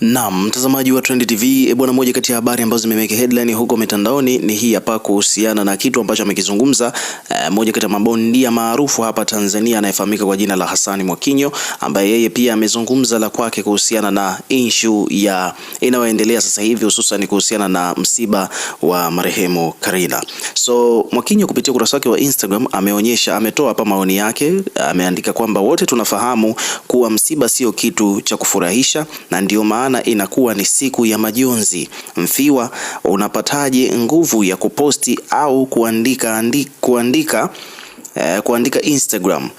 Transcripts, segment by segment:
Naam, mtazamaji wa Trend TV, e bwana, moja kati ya habari ambazo zimemeke headline huko mitandaoni ni hii hapa kuhusiana na kitu ambacho amekizungumza eh, moja kati ya mabondia maarufu hapa Tanzania anayefahamika kwa jina la Hassani Mwakinyo ambaye yeye pia amezungumza la kwake kuhusiana na issue ya inayoendelea sasa hivi hususan kuhusiana na msiba wa marehemu Karina. So Mwakinyo kupitia ukurasa wake wa Instagram ameonyesha, ametoa hapa maoni yake, ameandika kwamba wote tunafahamu kuwa msiba sio kitu cha kufurahisha, na ndio maana inakuwa ni siku ya majonzi. Mfiwa, unapataje nguvu ya kuposti au kuandika andi, kuandika eh, kuandika Instagram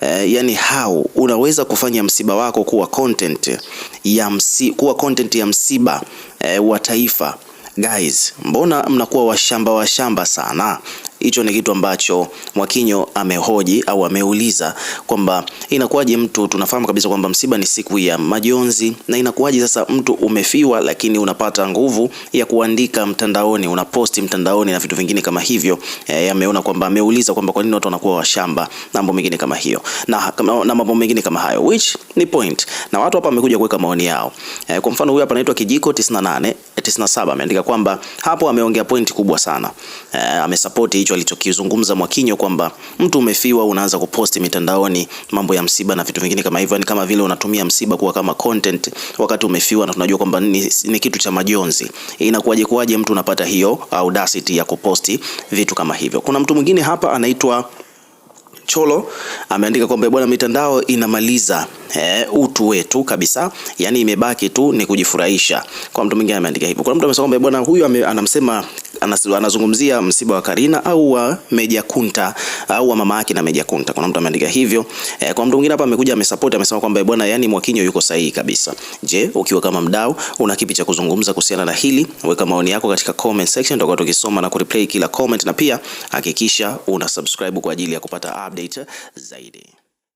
eh, yani how unaweza kufanya msiba wako kuwa content ya, msi, kuwa content ya msiba eh, wa taifa Guys, mbona mnakuwa washamba washamba sana? Hicho ni kitu ambacho Mwakinyo amehoji au ameuliza kwamba inakuwaje mtu, tunafahamu kabisa kwamba msiba ni siku ya majonzi, na inakuwaje sasa mtu umefiwa, lakini unapata nguvu ya kuandika mtandaoni, unaposti mtandaoni na vitu vingine kama hivyo. E, ameona kwamba ameuliza kwamba kwa nini watu wanakuwa washamba na mambo mengine kama hiyo na, na mambo mengine kama hayo which ni point, na watu hapa wamekuja kuweka maoni yao. E, kwa mfano huyu hapa anaitwa Kijiko 98 97 eh, ameandika kwamba hapo ameongea point kubwa sana. E, amesupport ndicho alichokizungumza Mwakinyo kwamba mtu umefiwa, unaanza kuposti mitandaoni mambo ya msiba na vitu vingine kama hivyo, ni yaani kama vile unatumia msiba kuwa kama content wakati umefiwa, na tunajua kwamba ni, ni kitu cha majonzi. Inakuwaje kuwaje mtu unapata hiyo audacity ya kuposti vitu kama hivyo? Kuna mtu mwingine hapa anaitwa Cholo ameandika kwamba bwana, mitandao inamaliza e, utu wetu kabisa, yani imebaki tu ni kujifurahisha. Kwa mtu mwingine ameandika hivyo. Kuna mtu amesema kwamba bwana, huyu anamsema anazungumzia msiba wa Karina au wa Meja Kunta au wa mama yake na Meja Kunta. Kuna mtu ameandika hivyo. E, kwa mtu mwingine hapa amekuja amesupport amesema kwamba eh, bwana, yani Mwakinyo yuko sahihi kabisa. Je, ukiwa kama mdau una kipi cha kuzungumza kuhusiana na hili? Weka maoni yako katika comment section, tutakuwa tukisoma na kureplay kila comment, na pia hakikisha una subscribe kwa ajili ya kupata update zaidi.